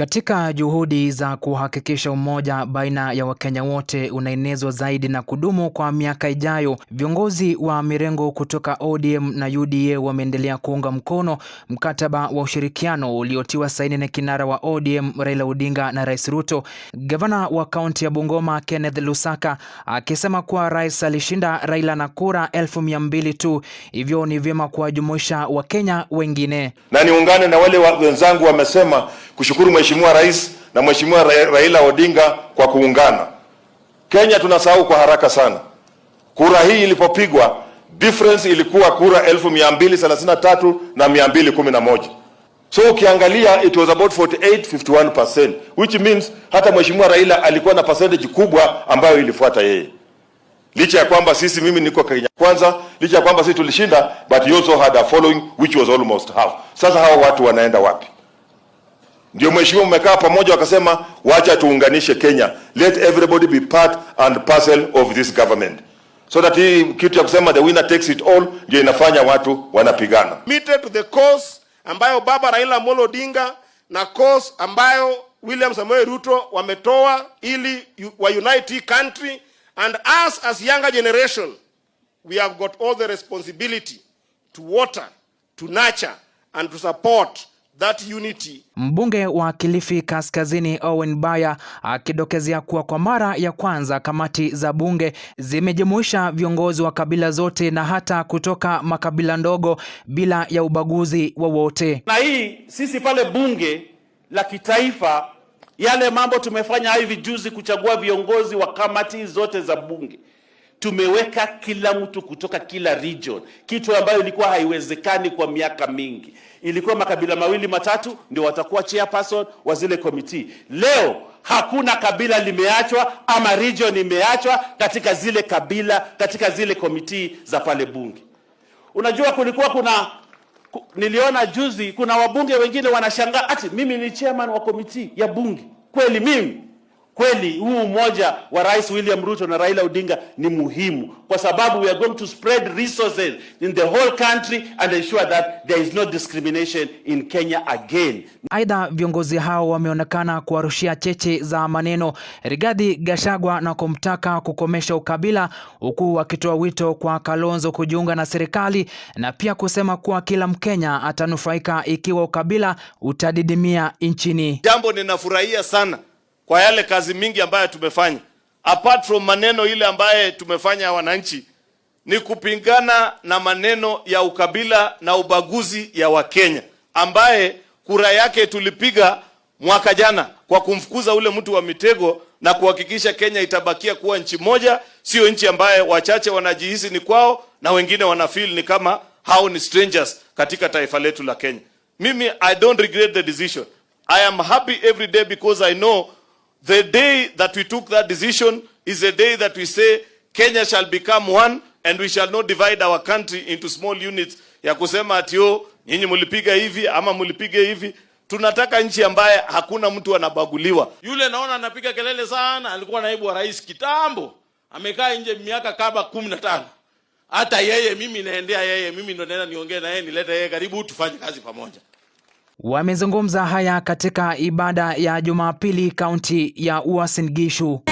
Katika juhudi za kuhakikisha umoja baina ya Wakenya wote unaenezwa zaidi na kudumu kwa miaka ijayo, viongozi wa mirengo kutoka ODM na UDA wameendelea kuunga mkono mkataba wa ushirikiano uliotiwa saini na kinara wa ODM Raila Odinga na Rais Ruto, gavana wa kaunti ya Bungoma Kenneth Lusaka akisema kuwa rais alishinda Raila na kura elfu mia mbili tu, hivyo ni vyema kuwajumuisha Wakenya wengine. Na niungane na wale wenzangu wamesema kushukuru Mheshimiwa Rais na Mheshimiwa Raila Odinga kwa kuungana. Kenya tunasahau kwa haraka sana. Kura hii ilipopigwa difference ilikuwa kura 1233 na 211. So ukiangalia it was about 48 51%, which means hata Mheshimiwa Raila alikuwa na percentage kubwa ambayo ilifuata yeye. Licha ya kwamba sisi, mimi niko Kenya kwanza, licha ya kwamba sisi tulishinda, but you also had a following which was almost half. Sasa hawa watu wanaenda wapi? Ndio mheshimiwa, mmekaa pamoja, wakasema wacha tuunganishe Kenya, let everybody be part and parcel of this government, so that hii kitu ya kusema the winner takes it all ndio inafanya watu wanapigana. Committed to the cause ambayo baba Raila Amolo Odinga na cause ambayo William Samoei Ruto wametoa ili wa unite country and us as younger generation we have got all the responsibility to water to nurture and to support That unity. Mbunge wa Kilifi Kaskazini Owen Baya akidokezea kuwa kwa mara ya kwanza kamati za bunge zimejumuisha viongozi wa kabila zote na hata kutoka makabila ndogo bila ya ubaguzi wowote. Na hii sisi pale bunge la kitaifa, yale mambo tumefanya hivi juzi kuchagua viongozi wa kamati zote za bunge tumeweka kila mtu kutoka kila region, kitu ambayo ilikuwa haiwezekani kwa miaka mingi. Ilikuwa makabila mawili matatu ndio watakuwa chairperson wa zile committee. Leo hakuna kabila limeachwa ama region imeachwa katika zile kabila, katika zile committee za pale bunge. Unajua, kulikuwa kuna niliona juzi kuna wabunge wengine wanashangaa ati mimi ni chairman wa committee ya bunge. Kweli mimi Kweli huu umoja wa Rais William Ruto na Raila Odinga ni muhimu kwa sababu we are going to spread resources in the whole country and ensure that there is no discrimination in Kenya again. Aidha, viongozi hao wameonekana kuwarushia cheche za maneno Rigathi Gachagua na kumtaka kukomesha ukabila, huku wakitoa wito kwa Kalonzo kujiunga na serikali na pia kusema kuwa kila Mkenya atanufaika ikiwa ukabila utadidimia nchini. Jambo ninafurahia sana kwa yale kazi mingi ambayo tumefanya apart from maneno ile ambaye tumefanya wananchi ni kupingana na maneno ya ukabila na ubaguzi ya Wakenya ambaye kura yake tulipiga mwaka jana kwa kumfukuza ule mtu wa mitego na kuhakikisha Kenya itabakia kuwa nchi moja, sio nchi ambaye wachache wanajihisi ni kwao na wengine wanafeel ni kama hao ni strangers katika taifa letu la Kenya. Mimi I don't regret the decision. I am happy every day because I know The day that we took that decision is the day that we say Kenya shall become one and we shall not divide our country into small units ya kusema ati yo oh, nyinyi mlipiga hivi ama mlipige hivi. Tunataka nchi ambaye hakuna mtu anabaguliwa. Yule naona anapiga kelele sana, alikuwa naibu wa rais kitambo, amekaa nje miaka kaba kumi na tano. Hata yeye mimi naendea yeye, mimi ndo naenda niongee na yeye, nilete yeye karibu, tufanye kazi pamoja. Wamezungumza haya katika ibada ya Jumapili kaunti ya Uasin Gishu.